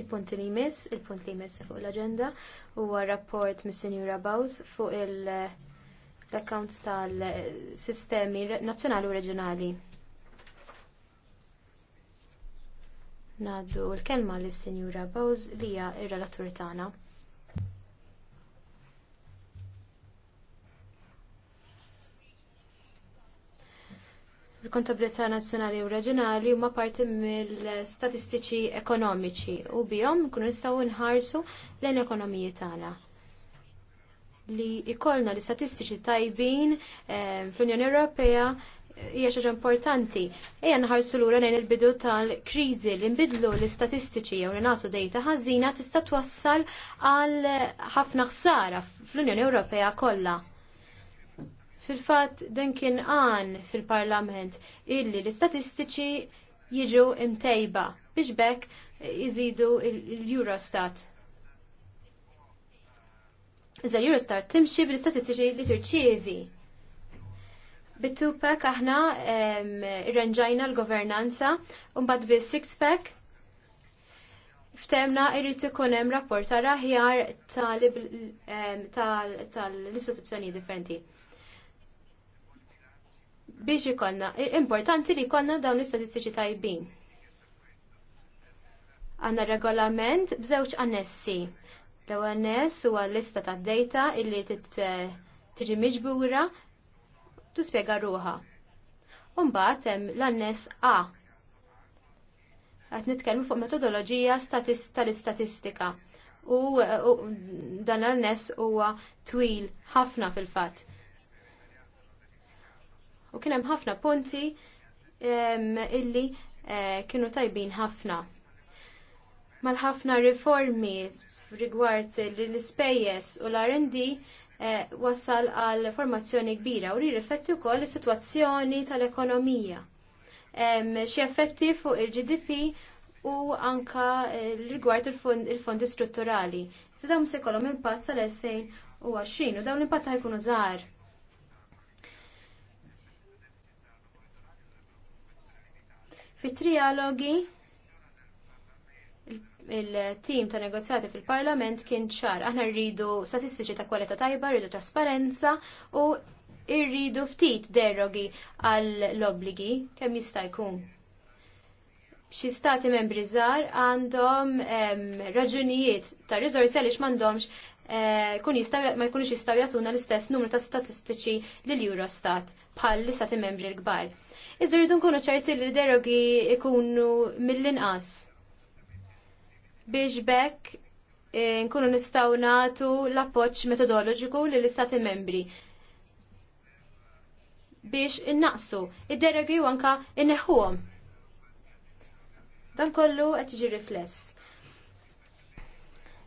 Il-punt li jmiss, il-punt li jmiss fuq l-agenda huwa rapport mis Sinjura Bowes fuq l-accounts tal-sistemi nazzjonali u reġjonali. Naddu l-kelma lis sinjura Bowes li hija r relatur tagħna. il-kontabilità nazzjonali u reġjonali huma parti mill-statistiċi ekonomiċi u bihom nkunu nistgħu nħarsu lejn ekonomiji tagħna. Li ikollna li statistiċi tajbin eh, fl-Unjoni Ewropea hija xi importanti. Ejja nħarsu lura lejn il-bidu tal-kriżi li nbidlu l-istatistiċi jew nagħtu dejta ħażina tista' twassal għal ħafna ħsara fl-Unjoni Ewropea kollha Fil-fatt din kien għan fil-Parlament illi l-istatistiċi jiġu imtejba biex bekk iżidu l-Eurostat. Iżda l-Eurostat timxi bil-istatistiċi li tirċievi. bit tupek aħna irranġajna l-governanza, un bad bis-six-pack ftemna irrit ikun hemm rapport ta' raħjar tal istituzzjonijiet differenti biex ikonna, importanti li jkollna dawn l-istatistiċi tajbin. Għanna regolament b'żewġ annessi. L-ewwel anness huwa lista tad-data illi tiġi miġbura tispjega ruha. mbagħad hemm l-anness A. Qed nitkellmu fuq metodoloġija tal-istatistika u dan l-anness huwa twil ħafna fil-fatt u kien hemm ħafna punti illi eh, kienu tajbin ħafna. Mal-ħafna riformi rigward l-ispejjeż u l-R&D eh, wassal għal formazzjoni kbira u rirrifletti wkoll is-sitwazzjoni tal-ekonomija. Xi effetti fuq il-GDP u anka eh, rigward il-fondi strutturali. Tidhom se jkollhom impatt sal-2020 u dawn l-impatt ħajkunu żgħar Fit-trialogi il-tim ta' negozjati fil-parlament kien ċar. Aħna rridu statistiċi ta' kwalità tajba, rridu trasparenza u rridu ftit derogi għall-obligi kemm jista' jkun. Xi stati membri żgħar għandhom raġunijiet ta' riżorsi għaliex m'għandhomx eh, jkun jistgħu ma jkunux jistgħu jagħtuna l-istess numru ta' statistiċi lill eurostat bħal l-istati membri l-kbar. Iżda rridu nkunu ċerti li derogi ikunu mill-inqas. Biex bekk eh, nkunu nistaw natu l-appoċ metodoloġiku li l-istati membri biex innaqsu id-derogi u anka inneħuhom. Dan kollu qed jiġi rifless.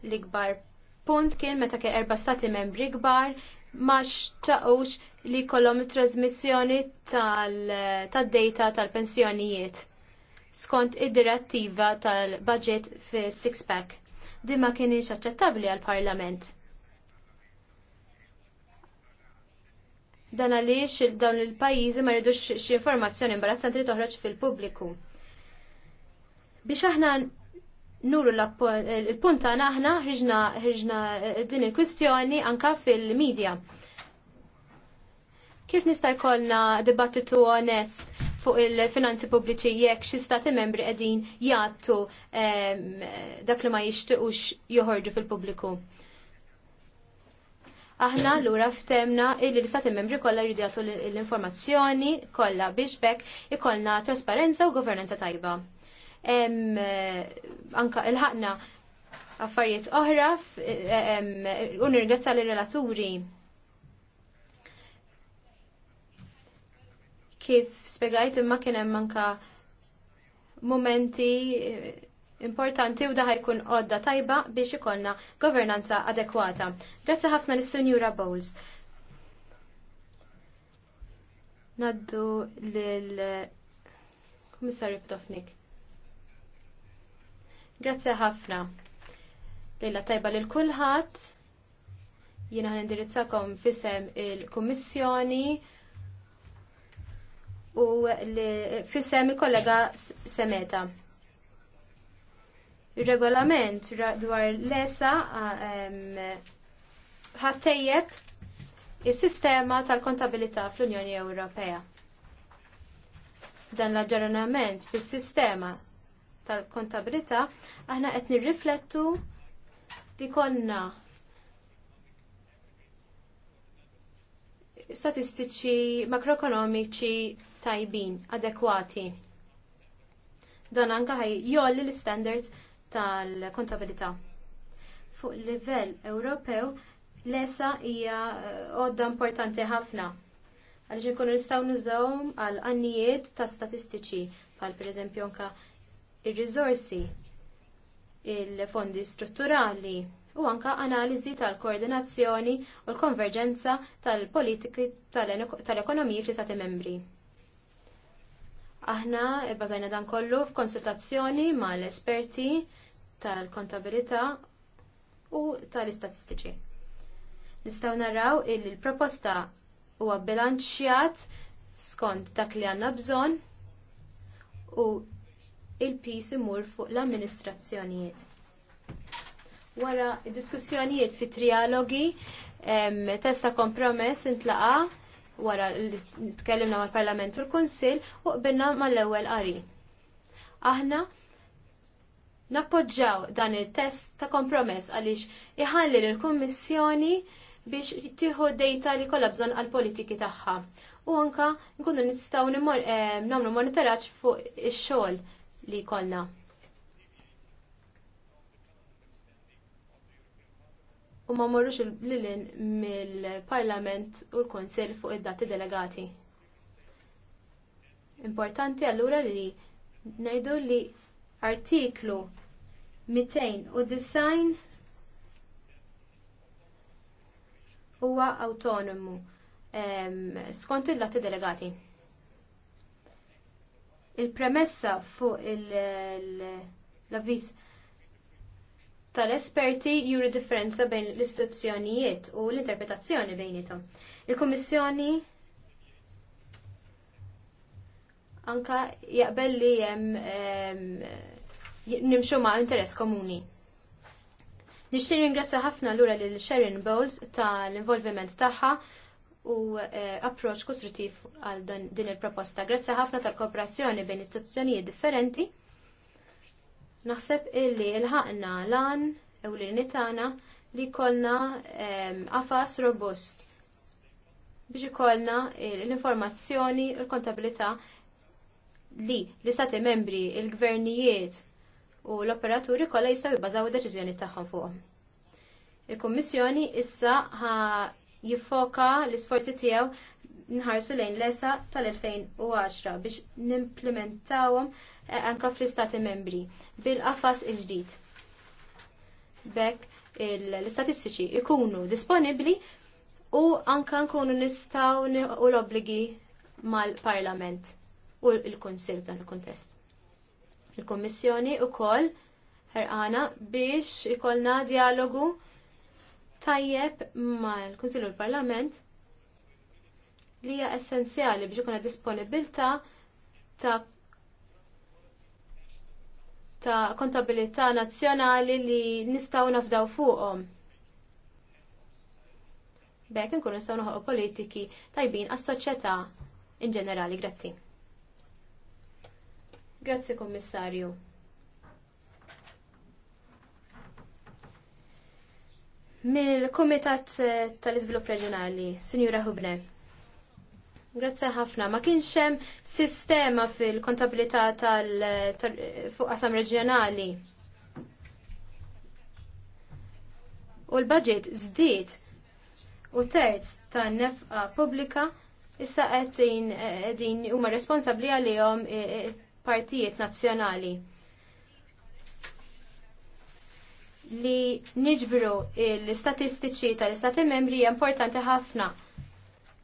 L-ikbar punt kien meta kien erba' stati membri kbar ma xtaqux li jkollhom it trasmissjoni tad-data tal-pensjonijiet skont id-direttiva tal-budget fi six pack. Din ma kienx aċċettabbli għall parlament Dan għaliex dawn il-pajjiżi ma rridux xi informazzjoni imbarazzanti li toħroġ fil-pubbliku. Biex aħna nuru l-punta naħna ħriġna ħriġna eh, din il-kwistjoni anka fil-medja. Kif nista' jkollna dibattitu onest fuq il-finanzi pubbliċi jekk xi stati membri qegħdin jgħattu ehm, dak li ma jixtiequx joħorġu fil-pubbliku? Aħna lura ftemna illi l-istati membri kollha jridu jagħtu l-informazzjoni kollha biex bekk ikollna trasparenza u governanza tajba. Eh, anka il-ħakna affarijiet oħra u nirgazza l-relaturi kif spiegajt imma kien hemm anka momenti eh, importanti u da ħajkun għodda tajba biex ikollna governanza adekwata. Grazzi ħafna lis senjura Bowles. Naddu l-Komissarju eh, Ptofnik. Grazzi ħafna. Lejla tajba lil kulħadd. Jiena nindirizzakom fisem il-Kummissjoni u fisem il-kollega Semeta. Il-regolament dwar l-ESA ħattejjeb il-sistema tal-kontabilità fl-Unjoni Ewropea. Dan l-aġġornament fis-sistema tal-kontabilità, aħna qed nirriflettu li konna statistiċi makroekonomiċi tajbin, adekwati. Dan anka ħaj jolli l-standards tal-kontabilità. Fuq livell Ewropew, l-esa hija eh, għodda importanti ħafna għaliex ikunu nistgħu nużawhom għal annijiet ta' statistiċi per pereżempju anke ir-riżorsi, il-fondi strutturali u anke analiżi tal-koordinazzjoni u l-konverġenza tal-politiki tal-ekonomiji fl istati membri. Aħna bbażajna dan kollu f'konsultazzjoni mal-esperti tal-kontabilità u tal-istatistiċi. Nistgħu naraw li l proposta huwa bilanċjat skont dak li għandna bżonn u il-pis imur fuq l-amministrazzjonijiet. Wara diskussjonijiet fit trialogi, testa kompromess intlaqa wara li tkellimna mal-Parlament u l-Kunsill u qbilna mal-ewwel qari. Aħna nappoġġaw dan il-test ta' kompromess għaliex iħalli l-Kummissjoni biex tieħu dejta li kolla bżonn għall politiki tagħha. U anka nkunu nistgħu nagħmlu monitoraġġ fuq ix-xogħol li jkollna. U ma morrux l-lilin mill-Parlament u l-Konsil fuq id-dati delegati. Importanti allura li ngħidu li artiklu design huwa autonomu skont id-dati delegati il-premessa fuq l-avviż tal-esperti juri differenza bejn l-istituzzjonijiet u l-interpretazzjoni bejnietom. Il-Kummissjoni anka jaqbel li hemm ehm, nimxu ma' interess komuni. Nixtieq ringrazzja ħafna lura lil Sharon Bowles tal-involviment tagħha u eh, approċ kostruttiv għal din il-proposta. Grazzi ħafna tal-kooperazzjoni bejn istituzzjonijiet differenti. Naħseb illi il lan u l-nitana li kolna għafas ehm, robust biex ikollna l-informazzjoni u l-kontabilità li l-istati membri, il-gvernijiet u l-operaturi kollha jistgħu jibbażaw id-deċiżjoni tagħhom fuqhom. Il-Kummissjoni issa jiffoka l-isforzi tiegħu nħarsu lejn l-esa tal-2010 biex nimplementawhom eh, anke fl-istati membri bil-qafas il-ġdid. Bekk l-istatistiċi ikunu disponibbli u anke nkunu nistgħu u l-obbligi mal-Parlament u l-Kunsill dan il-kuntest. Il-Kommissjoni wkoll ħerqana biex ikollna dialogu tajjeb mal-Kunsill u l-Parlament li hija essenzjali biex ikun disponibilità ta' ta' kontabilità nazzjonali li nistgħu nafdaw fuqhom. B'hekk inkunu nistgħu noħolqu politiki tajbin għas-soċjetà in ġenerali. Grazzi. Grazzi Kummissarju. Mill-Kumitat eh, tal-Iżvilupp Reġjonali, Sinjura Hubne. Grazzi ħafna. Ma kienx hemm sistema fil-kontabilità tal fuq qasam reġjonali. U l-budget żdied u terz tan-nefqa pubblika issa qed eh, din huma responsabbli għalihom eh, partijiet nazzjonali. li niġbru l-istatistiċi tal-istati membri hija importanti ħafna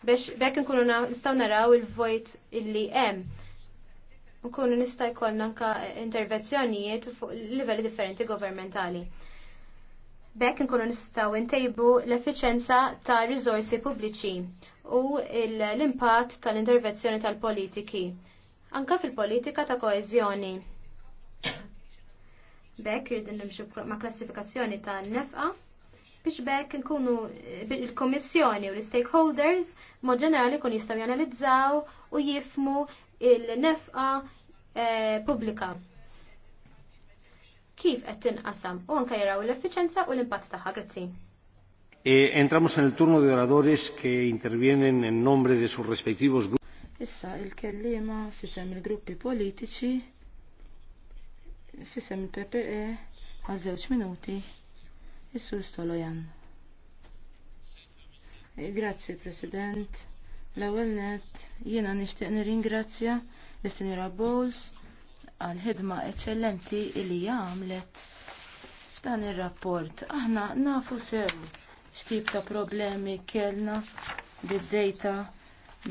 biex bekk nkunu nistgħu naraw il-vojt illi hemm. Nkunu nista' jkollna anke intervenzjonijiet fuq livelli differenti governmentali. Bekk nkunu nistgħu ntejbu l-effiċenza ta' riżorsi pubbliċi u l-impatt tal-intervenzjoni tal-politiki. Anka fil-politika ta' koeżjoni Bekk irridu nimxu ma' klassifikazzjoni ta' nefqa biex bekk nkunu il-Kommissjoni u l-stakeholders mod ġenerali kun jistgħu janalizzaw u jifmu il-nefqa eh, pubblika. Kif qed tinqasam u anke jaraw l-effiċenza u l-impatt tagħha grazzi. Eh, entramos en el turno de oradores que intervienen en nombre de sus respectivos grupos. Issa il-kellima fisem il-gruppi politiċi fissem il-PPE għal żewġ minuti is-Sur Stolojan. Eh, grazzi President. L-ewwel nett jiena nixtieq nirringrazzja l sinjora Bowles għal ħidma eċċellenti li jgħamlet f'dan ir-rapport. Aħna nafu sew x'tip ta' problemi kellna bid-dejta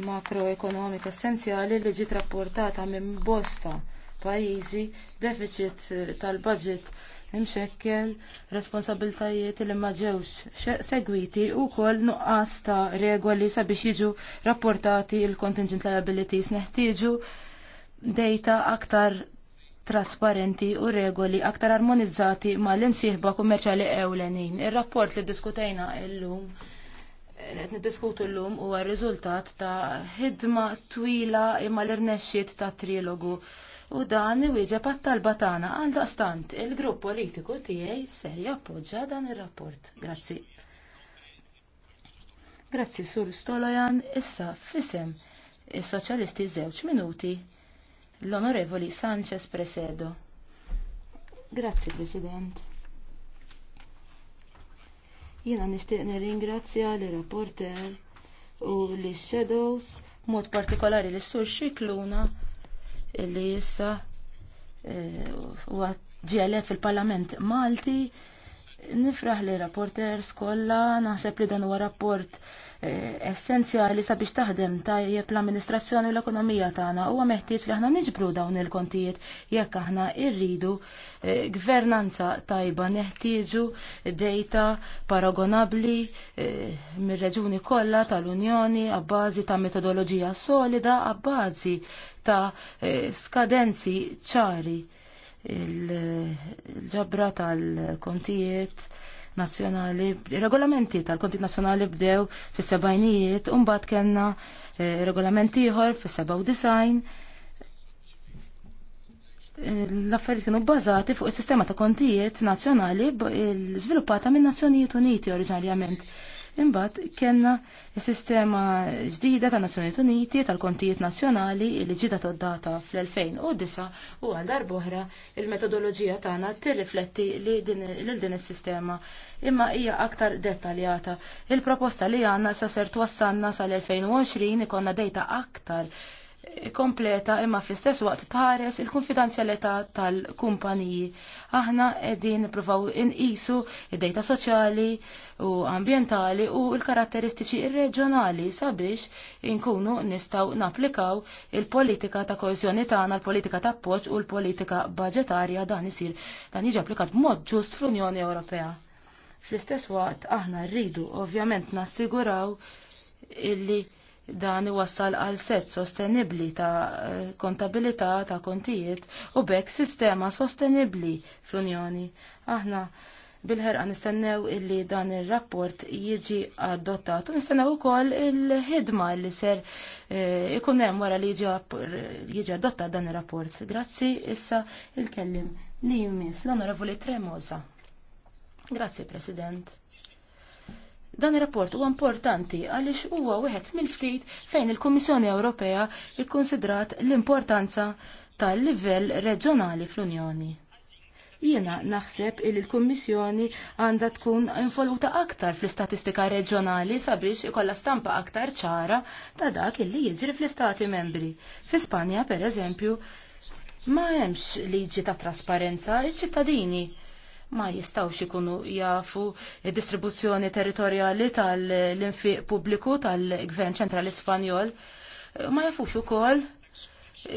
makroekonomika essenzjali li ġiet rapportata minn bosta pajjiżi, deficit eh, tal-budget imxekkel, responsabiltajiet li ma ġewx segwiti u kol nuqqas ta' regoli sabiex jiġu rapportati il-contingent liabilities neħtieġu data aktar trasparenti u regoli aktar armonizzati ma l-imsieħba kummerċali ewlenin. Ir-rapport li diskutejna illum qed niddiskutu llum huwa r-riżultat ta' ħidma twila imma l-irnexxiet ta' trilogu u dan iwieġeb għat-talba tagħna għal daqstant il-grupp politiku tiegħi ser jappoġġja dan ir-rapport. Grazzi. Grazzi Sur Stolojan issa fisem is-Soċjalisti żewġ minuti l-Onorevoli Sanchez Presedo. Grazzi President. Jiena nixtieq nirringrazzja l rapporter u l-Shadows, mod partikolari l-Sur Xikluna Li jissa huwa eh, ġielet fil-Parlament Malti Nifraħ li rapporters kollha naħseb li dan huwa rapport eh, essenzjali sabiex taħdem tajjeb l-amministrazzjoni u l-ekonomija tagħna huwa meħtieġ li aħna niġbru dawn il-kontijiet jekk aħna rridu eh, gvernanza tajba neħtieġu dejta paragonabbli eh, mir-reġuni kollha tal-Unjoni għabbażi ta' metodoloġija solida għabbażi ta' skadenzi ċari il-ġabra tal-kontijiet nazzjonali, regolamenti tal-kontijiet nazzjonali bdew fis-sebajnijiet, umbat kena eh, regolamenti ieħor fis design. L-affarijiet kienu bbażati fuq is-sistema ta' kontijiet nazzjonali żviluppata minn Nazzjonijiet Uniti oriġinarjament. Imbagħad kellna s-sistema ġdida ta' Nazzjonijiet Uniti tal-kontijiet nazzjonali li ġida toddata fl-2009 u għal darb'oħra il-metodoloġija tagħna tirrifletti li din is-sistema imma hija aktar dettaljata. Il-proposta li għandna sa ser twassanna sal-2020 ikonna dejta aktar kompleta imma fl-istess waqt tħares il-konfidenzjalità tal-kumpaniji. Aħna qegħdin nippruvaw inqisu id-dejta soċjali u ambjentali u l-karatteristiċi reġjonali sabiex inkunu nistgħu napplikaw il-politika ta' koeżjoni tagħna, l-politika ta' poċ u l-politika budgetarja dan isir dan jiġi applikat b'mod ġust fl-Unjoni Ewropea. Fl-istess waqt aħna rridu ovvjament nassiguraw illi dan iwassal għal set sostenibli ta' kontabilità ta' kontijiet u bekk sistema sostenibli fl-Unjoni. Aħna bil-ħerqa nistennew illi dan ir-rapport jiġi adottat u nistennew ukoll il-ħidma li ser eh, ikun hemm wara li jiġi adottat dan ir-rapport. Grazzi issa il-kellim li jmiss l-Onorevoli Tremoza. Grazzi President. Dan ir-rapport huwa importanti għaliex huwa wieħed mill-ftit fejn il-Kummissjoni Ewropea ikkonsidrat l-importanza tal-livell reġjonali fl-Unjoni. Jiena naħseb il l-Kummissjoni għandha tkun involuta aktar fl-istatistika reġjonali sabiex ikolla stampa aktar ċara ta' dak illi jiġri fl-istati membri. Fi Spanja, per eżempju, ma hemmx liġi ta' trasparenza, iċ-ċittadini ma jistawx ikunu jafu distribuzzjoni territorjali tal-infiq pubbliku tal-Gvern ċentrali Spanjol. Ma jafux ukoll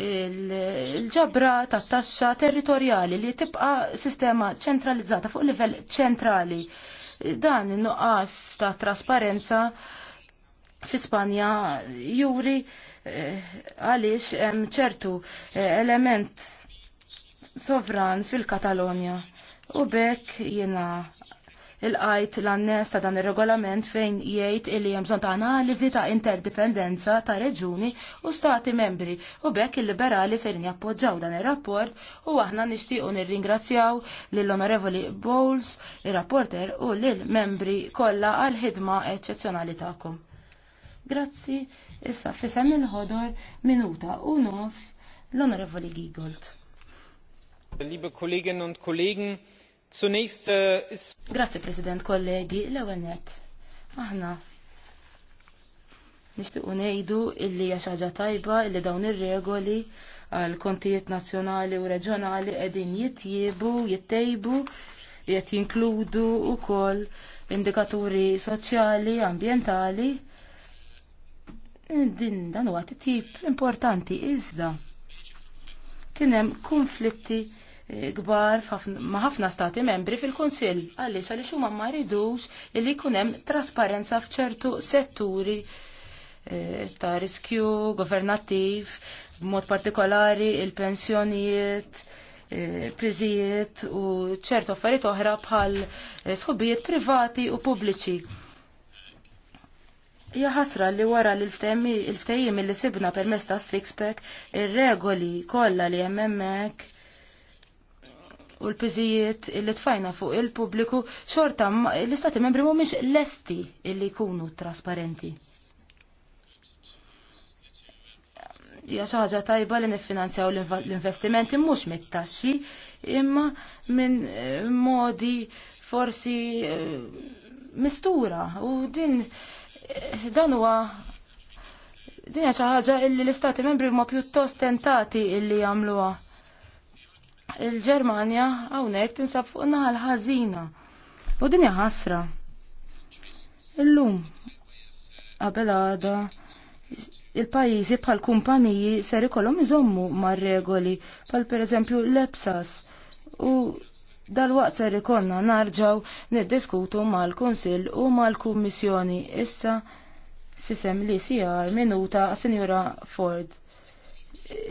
il-ġabra tat taxxa territorjali li tibqa' sistema ċentralizzata fuq livell ċentrali. Dan in-nuqqas ta' trasparenza fi Spanja juri eh, għaliex hemm ċertu eh, element sovran fil-Katalonja U bekk jiena il-qajt l-annes ta' dan ir-regolament fejn jgħid illi hemm bżonn ta' analiżi ta' interdipendenza ta' reġuni u stati membri u bekk il-liberali serin jappoġġaw dan ir-rapport u aħna nixtiequ nirringrazzjaw lill onorevoli Bowles, ir-rapporter u l membri kollha għal ħidma eċċezzjonali tagħkom. Grazzi, issa fisem il-ħodor minuta u nofs l-onorevoli Gigolt. Liebe äh, Grazie, President, kollegi, l-ewenet. Aħna, nishtiqu ngħidu illi jaxħaġa tajba illi dawn ir-regoli għal kontijiet nazzjonali u reġjonali qegħdin jitjiebu, jittejbu, qed jinkludu wkoll indikaturi soċjali, ambjentali. Din dan huwa tip importanti iżda. Kien hemm konflitti kbar ma' ħafna stati membri fil-Kunsill għaliex għaliex huma ma rridux li jkun hemm trasparenza f'ċertu setturi eh, ta' riskju governattiv, b'mod partikolari il-pensjonijiet, eh, priżijiet u ċertu affarijiet oħra bħal eh, sħubijiet privati u pubbliċi. Ja ħasra li wara li l-ftejjim li sibna permesta s six ir-regoli kollha li hemm hemmhekk u l-piżijiet li tfajna fuq il-pubbliku xorta l-istati membri mhumiex lesti illi jkunu trasparenti. Hija xi ħaġa tajba li niffinanzjaw l-investimenti mhux mit-taxxi imma minn eh, modi forsi eh, mistura u din eh, dan huwa din xi ħaġa li l-istati membri huma pjuttost tentati illi jagħmluha il-Ġermanja hawnhekk tinsab fuq naħal ħazina. ħażina U dinja ħasra. Illum qabel għada il-pajjiżi bħal kumpaniji ser ikollhom iżommu mar-regoli bħal pereżempju l-EPSAS u dal-waqt ser konna narġaw niddiskutu mal-Kunsill u mal-Kummissjoni issa fisem li sijar minuta Sinjura Ford.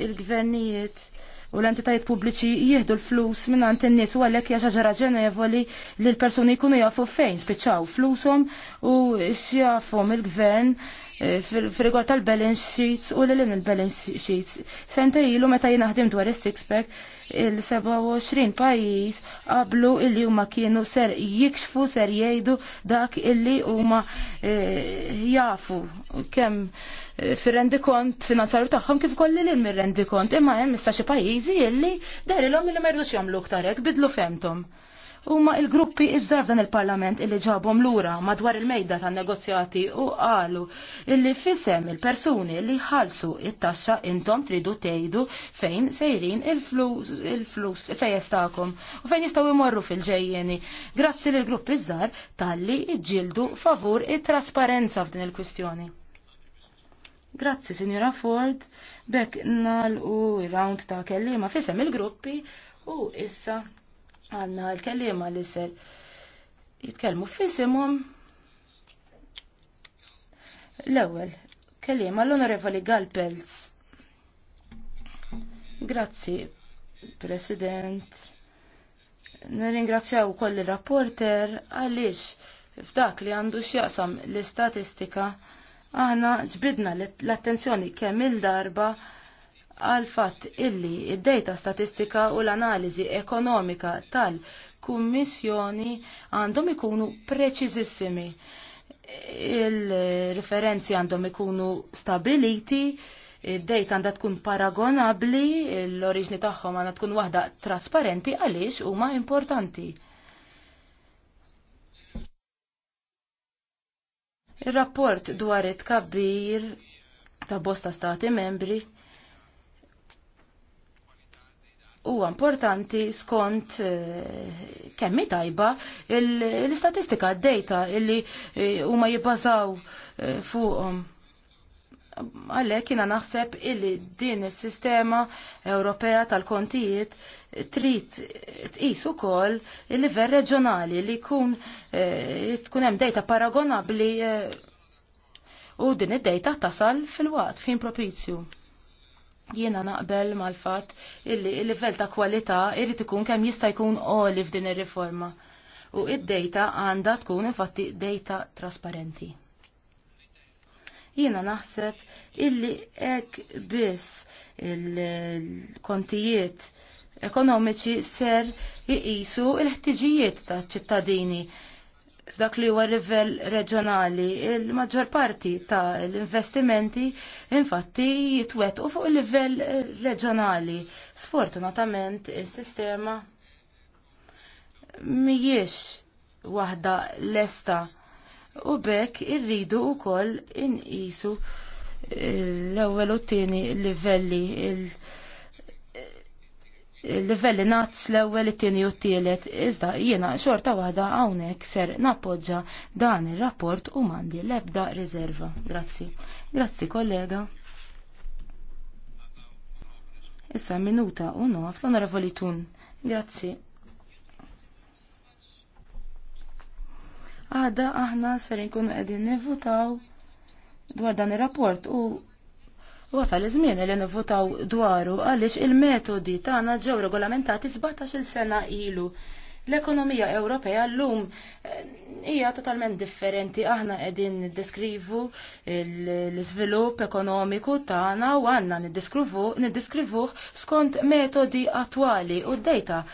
Il-gvernijiet u l-entitajiet pubbliċi jieħdu l-flus minn għand in-nies u għalhekk hija ġenevoli li l-persuni jkunu jafu fejn spiċċaw flushom u x'jafhom il-gvern fil-rigward tal-balance sheets u l lim il-balance sheets. Sente ilu meta jien naħdim dwar is-sixpack il-27 pajjiż qablu illi huma kienu ser jikxfu ser jgħidu dak illi huma eh, jafu kemm eh, fir-rendi kont finanzjarju tagħhom kif kolli lil mir-rendi kont imma hemm issa xi pajjiżi illi derilhom illi ma jridux jagħmlu aktar hekk bidlu femtom huma il-gruppi iż żarf dan il-Parlament illi ġabhom lura madwar il-mejda tan negozjati u qalu illi fisem il-persuni li ħalsu it-taxxa intom tridu tgħidu fejn sejrin il-flus il-flus fejn tagħkom u fejn jistgħu jmorru fil-ġejjeni. Grazzi lil grupp iż-żar talli ġildu favur it-trasparenza f'din il-kwistjoni. Grazzi, Sinjora Ford, bekk nal u round ta' kellima fisem il-gruppi u issa Għanna l-kellima li ser jitkellmu fissimum. L-ewwel, kellima l-Onorevoli Galpels. Grazzi, President. Nirringrazzjaw koll il-rapporter għaliex f'dak li għandu x'jaqsam l-istatistika aħna ġbidna l-attenzjoni kemm il-darba għal fatt illi id-data statistika u l-analiżi ekonomika tal-Kummissjoni għandhom ikunu preċiżissimi. Il-referenzi għandhom ikunu stabiliti, id-dejt għandha tkun paragonabli, l-oriġni tagħhom għandha tkun waħda trasparenti għaliex huma importanti. Ir-rapport dwar it-kabbir ta' bosta stati membri huwa importanti skont eh, kemmi tajba l-istatistika d-data illi eh, huma jibbażaw eh, fuqhom. Għalhekk jiena naħseb illi din is-sistema Ewropea tal-kontijiet trid tqis ukoll il-livell reġjonali li jkun tkun hemm data paragonabbli u din id-data tasal fil-waqt fin propizju. Jiena naqbel mal-fatt illi il-livell ta' kwalità irrid ikun kemm jista' jkun għoli f'din ir-riforma. U id-data għandha tkun infatti data trasparenti. Jiena naħseb illi hekk biss il-kontijiet ekonomiċi ser iqisu il-ħtiġijiet ta' ċittadini f'dak li huwa livell reġjonali, il-maġġor parti ta' l-investimenti infatti jitwetqu fuq il-livell reġjonali. Sfortunatament is-sistema mhijiex waħda lesta u bekk irridu wkoll inqisu l-ewwel u t-tieni livelli il-, -il livelli nazz l-ewwel it-tieni u t-tielet, iżda jiena xorta waħda hawnhekk ser nappoġġa dan ir-rapport u m'għandi l-ebda riserva. Grazzi. Grazzi kollega. Issa minuta u nofs l-onorevoli Tun. Grazzi. Għada aħna ser nkunu qegħdin nivvutaw dwar dan ir-rapport u Wasal iż-żmien li nivvotaw dwaru għaliex il-metodi tagħna ġew regolamentati 17-il sena ilu. L-ekonomija Ewropea llum eh, hija totalment differenti. Aħna qegħdin niddeskrivu l-iżvilupp ekonomiku tagħna u għandna niddiskrivuh skont metodi attwali u d-dejta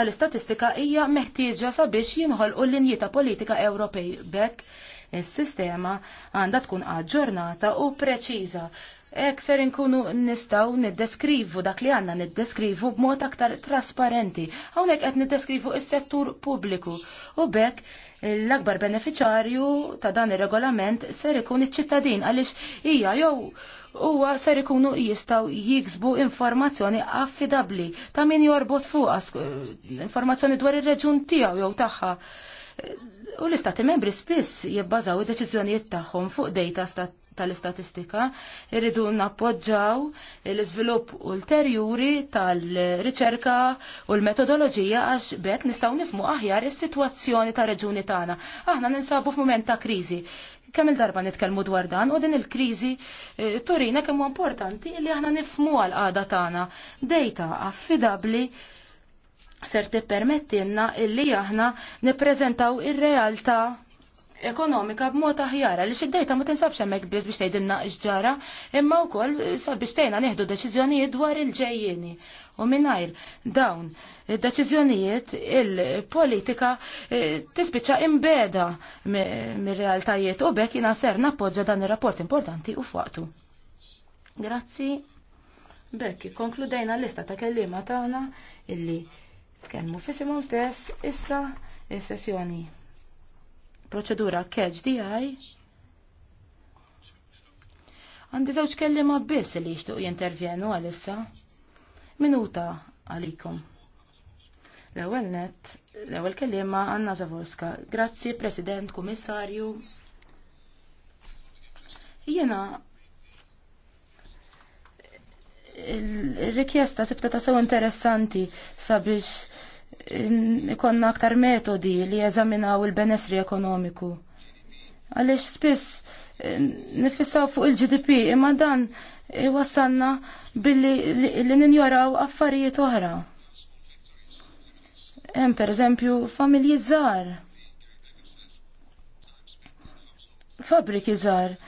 tal-istatistika hija meħtieġa sabiex jinħolqu l-linji ta' politika Ewropej bekk Is-sistema għandha tkun aġġornata u preċiża. Ek ser inkunu nistaw niddeskrivu dak li għanna niddeskrivu b'mod aktar trasparenti. Hawnhekk qed niddeskrivu il settur pubbliku u bekk l-akbar beneficjarju ta' dan ir-regolament ser ikun iċ-ċittadin għaliex hija jew huwa ser ikunu jistaw jiksbu informazzjoni affidabli ta' min jorbot fuq informazzjoni dwar ir-reġun tiegħu jew tagħha. U l-istati membri spiss jibbażaw id-deċiżjonijiet tagħhom fuq data tal-istatistika irridu nappoġġaw l-iżvilupp ulterjuri tal-riċerka u l-metodoloġija għax bekk nistgħu nifmu aħjar is-sitwazzjoni ta' reġuni tagħna. Aħna ninsabu f'mument ta' kriżi. Kemm il-darba nitkellmu dwar dan u din il-kriżi eh, turina kemm importanti li aħna nifmu għal qada tagħna. Data affidabbli ser tippermettilna illi aħna nippreżentaw ir-realtà ekonomika b'mod aħjara li id ma tinsabx hemmhekk biss biex tgħidilna x'ġara, imma wkoll sabiex tgħinna nieħdu deċiżjonijiet dwar il-ġejjieni. U minnajr dawn id-deċiżjonijiet il-politika eh, tispiċċa imbeda mir-realtajiet u bekk jina ser nappoġġa dan ir-rapport importanti u fuqtu. Grazzi. Bekki, konkludejna l-lista ta' kellima tagħna illi tkellmu fisimhom stess issa il sessjoni Proċedura catch DI għandi żewġ kellima biss li jixtuq jintervjenu għalissa. Minuta għalikom. L-ewwel net, l-ewwel kellima Anna Zavorska. Grazzi, President, Kummissarju. Jiena il-rikjesta sibta ta' sew interessanti sabiex ikonna aktar metodi li jeżaminaw il-benessri ekonomiku. Għaliex spiss nifissaw fuq il-GDP imma dan wassanna billi li ninjoraw affarijiet oħra. Hemm pereżempju familji żgħar. Fabriki żgħar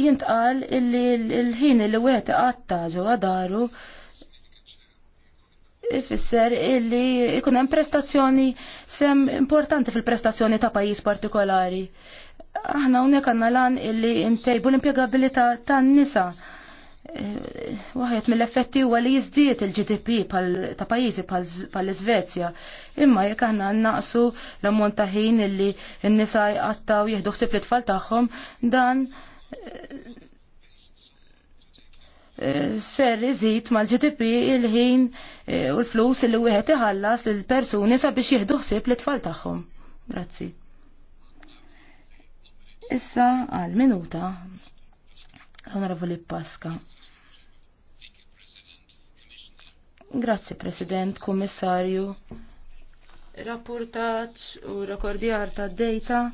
jintqal illi l-ħin li wieħed għatta ġewwa daru ifisser illi ikun hemm prestazzjoni sem importanti fil-prestazzjoni ta' pajjiż partikolari. Aħna hawnhekk għandna lan illi ntejbu l-impjegabilità tan-nisa. Waħed mill-effetti huwa li jiżdied il-GDP ta' pajjiżi pal iżvezja Imma jekk aħna naqsu l-ammont ta' ħin illi n-nisa jqattaw jieħdu ħsieb l-tfal tagħhom dan ser iżid mal-GDP il-ħin e, u l-flus li wieħed iħallas lill persuni sabiex jieħdu ħsieb li tfal tagħhom. Grazzi. Issa għal minuta onorevoli Pasqa. Grazzi President, Kummissarju, rapportaċ u rekordjar ta' data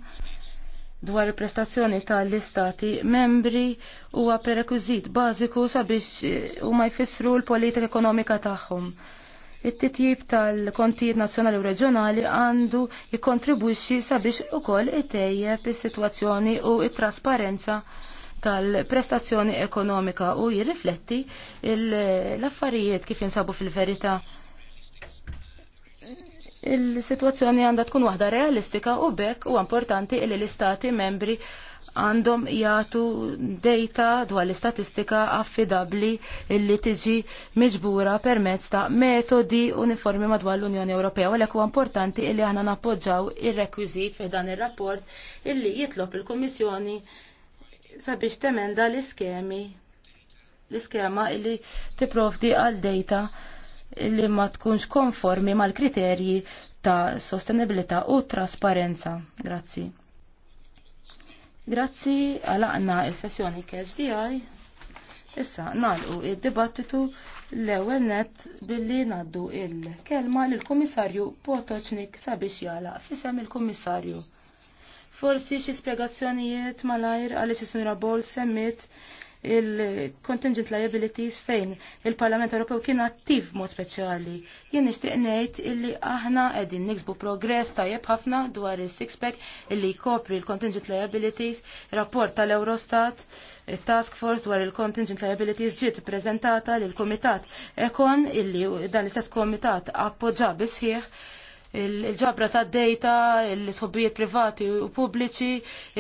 dwar il-prestazzjoni tal-istati membri huwa prerekwiżit bażiku sabiex eh, huma jfissru l-politika ekonomika tagħhom it-titjib tal-kontijiet nazzjonali u reġjonali għandu jikkontribwixxi sabiex ukoll itejjeb is-sitwazzjoni u it-trasparenza tal-prestazzjoni ekonomika u jirrifletti l-affarijiet kif jinsabu fil-verità il-situazzjoni għandha tkun waħda realistika u bekk u importanti li l-istati membri għandhom jagħtu data dwar l-istatistika affidabbli illi tiġi miġbura permezz ta' metodi uniformi madwar l-Unjoni Ewropea. Għalhekk huwa importanti illi aħna nappoġġaw ir-rekwiżit fi dan ir-rapport illi jitlob il-Kummissjoni sabiex temenda l-iskemi l-iskema illi tipprovdi għal data li ma tkunx konformi mal-kriterji ta' sostenibilità u trasparenza. Grazzi. Grazzi għalaqna il-sessjoni KHDI. Issa nalqu id-dibattitu l-ewwel net billi naddu il-kelma lill-Kummissarju Potoċnik sabiex jala fisem il-Kummissarju. Forsi xi spjegazzjonijiet malajr għaliex is-Sinra Bowl semmit il-contingent liabilities fejn il-Parlament Ewropew kien attiv mod speċjali. Jien nixtieq ngħid illi aħna qegħdin niksbu progress tajjeb ħafna dwar il six pack illi jkopri l-contingent liabilities, rapport tal-Eurostat, il-task force dwar il-contingent liabilities ġiet ippreżentata lill kumitat Ekon illi dan l-istess komitat appoġġa bisħieħ il-ġabra ta' data, il-sobbijiet privati u pubbliċi,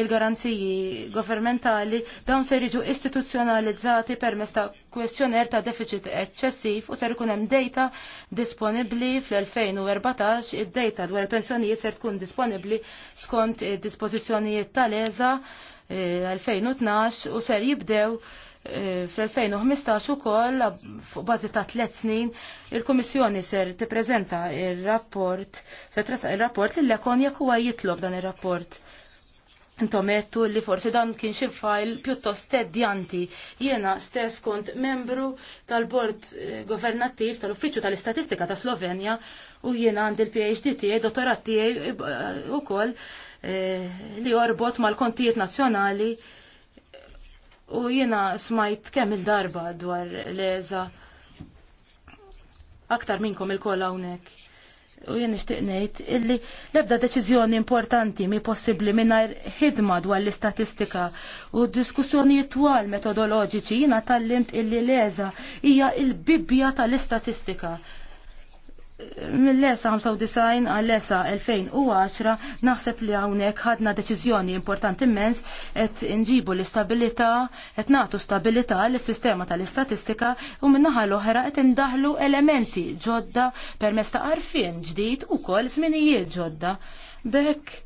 il-garanziji governmentali, dawn ser jiġu istituzzjonalizzati permezz ta' kwestjoner ta' deficit eċċessiv u ser ikun hemm data disponibbli fl-2014 id-data dwar il-pensjonijiet ser tkun disponibbli skont dispożizzjonijiet tal-EżA 2012 eh, u ser jibdew Eh, fl-2015 ukoll fuq bażi ta' tliet snin il-Kummissjoni ser tippreżenta il rapport se tresa ir-rapport l ekon jek huwa jitlob dan ir-rapport. Intomettu li forsi dan kien xi fajl pjuttost tedjanti. Jiena stess kont membru tal-Bord eh, Governattiv tal-Uffiċċju tal-Istatistika ta' Slovenja u jiena għandi l-PhD tiegħi, dottorat tiegħi eh, ukoll li orbot mal-kontijiet nazzjonali u jiena smajt kemm il-darba dwar l-eża aktar minnkom il-kol hawnhekk. U jien nixtieq ngħid illi l-ebda deċiżjoni importanti mi possibbli mingħajr ħidma dwar l-istatistika u diskussjonijiet twal metodoloġiċi jiena tallimt illi l-eża hija l tal-istatistika. il bibja tal istatistika mill-lesa 95 għal-lesa 2010 naħseb li hawnhekk ħadna deċiżjoni importanti immens qed inġibu l-istabilità, qed nagħtu stabilità l-sistema tal-istatistika u minnaħa l-oħra qed indaħlu elementi ġodda permezz ta' arfien ġdid ukoll żminijiet ġodda. Bekk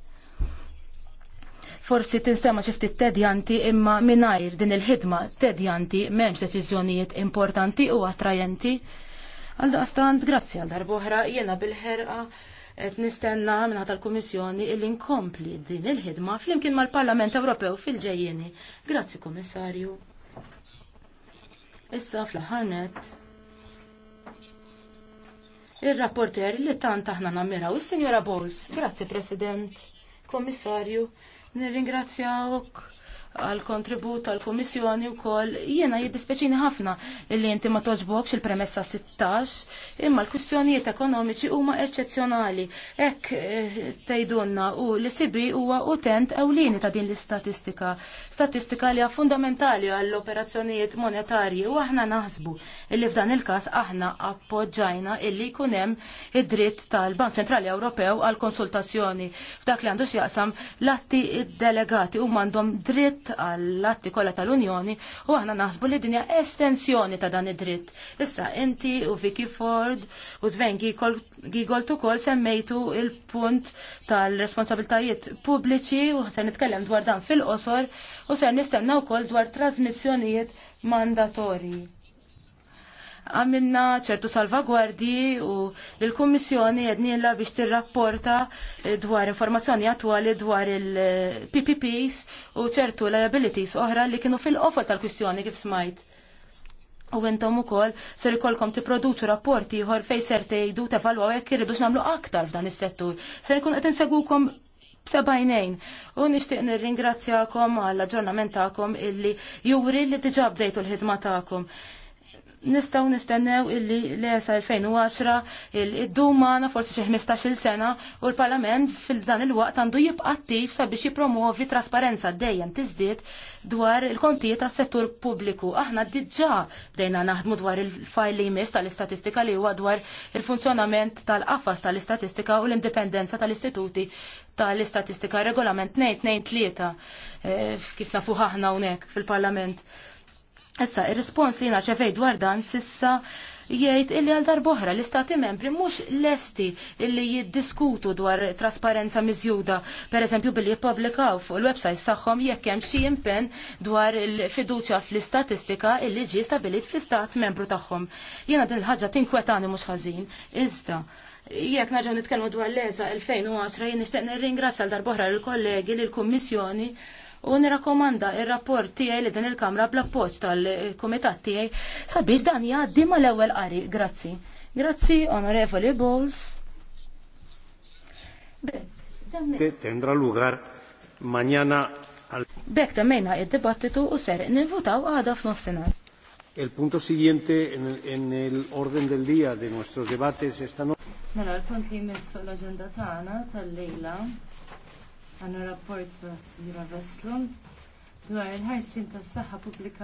forsi tinstema xi ftit tedjanti imma mingħajr din il-ħidma tedjanti m'hemmx deċiżjonijiet importanti u attrajenti Għal daqstant, grazzi għal darboħra, jena bil-ħerqa qed nistenna minna tal-Kummissjoni illi nkompli din il-ħidma flimkien mal-Parlament Ewropew fil-ġejjeni. Grazzi, Komissarju. Issa fl-ħanet. Il-rapporter li tant aħna nammiraw, is-Sinjora Bowles. Grazzi, President, Komissarju, Nirringrazzjawk għal kontribut għal komissjoni u kol jiena jiddispeċini ħafna illi inti ma toġbokx il-premessa 16 imma l-kwistjonijiet ekonomiċi huma eccezzjonali ek eh, tejdunna u l-sibi huwa utent ewlieni ta' din l-istatistika statistika li fundamentali għall operazzjonijiet monetarji u aħna naħsbu illi f'dan il-każ aħna appoġġajna illi jkun id-dritt tal-Bank Ċentrali Ewropew għal konsultazzjoni f'dak li għandu x'jaqsam l-atti id-delegati u mandom dritt dritt għall-atti kollha tal-Unjoni u aħna naħsbu li dinja estensjoni ta' dan id-dritt. Issa inti u Vicky Ford u Sven Gigolt ukoll semmejtu il-punt tal-responsabiltajiet pubbliċi u se nitkellem dwar dan fil-qosor u se nistenna wkoll dwar trasmissjonijiet mandatorji għamilna ċertu salvagwardi u l-Kommissjoni jednilla biex tirrapporta eh, dwar informazzjoni attwali dwar il-PPPs u ċertu liabilities oħra li kienu fil-qofol tal-kwistjoni kif smajt. U intom ukoll ser t tipproduċu rapporti ieħor fejn ser tgħidu tevalwaw jekk irridux nagħmlu aktar f'dan is-settur. Ser kun qed segwukom b'sebajnejn. U nixtieq nirringrazzjakom għall aġġornament tagħkom illi juri li t-ġabdejtu l-ħidma tagħkom nistaw nistennew illi l-ESA 2010 il-Duma na forsi xi 15-il sena u l-Parlament fil-dan il-waqt għandu jibqa' attiv sabiex jipromuovi trasparenza dejjem tiżdied dwar il-kontijiet tas-settur pubbliku. Aħna diġà bdejna naħdmu dwar il-fajl li jmiss tal-istatistika li huwa dwar il-funzjonament tal-qafas tal-istatistika u l-indipendenza tal-istituti tal-istatistika regolament 3 eh, kif nafu aħna hawnhekk fil-Parlament. Issa, il-respons li jina ċefej dwar dan sissa jgħid illi għal darboħra l-istati membri mhux lesti illi jiddiskutu dwar trasparenza mizjuda, per eżempju billi jippubblikaw fuq il-websajt tagħhom jekk hemm xi impenn dwar il-fiduċja fl-istatistika illi ġie stabilit fl-istat membru tagħhom. Jiena din il-ħaġa tinkwetani mhux ħażin. Iżda, jekk naġgħu nitkellmu dwar l-ESA 2010 jien nixtieq nirringrazzja għal darbohra lill kollegi lill kummissjoni u nirakomanda il-rapport tiegħi li din il-Kamra bl-appoġġ tal-Kumitat tiegħi sabiex dan jgħaddi mal-ewwel qari. Grazzi. Grazzi, Onorevoli Bowles. Tendra lugar mañana Bek temmejna id debattitu u ser nivutaw għada f'nofsinhar. El punto siguiente en, en el orden del día de nuestros debates esta noche. Mela, l-punt li jmiss fuq l-agenda tagħna tal-lejla għanna rapport ta' Sira Veslund dwar il-ħarsin tas saħħa pubblika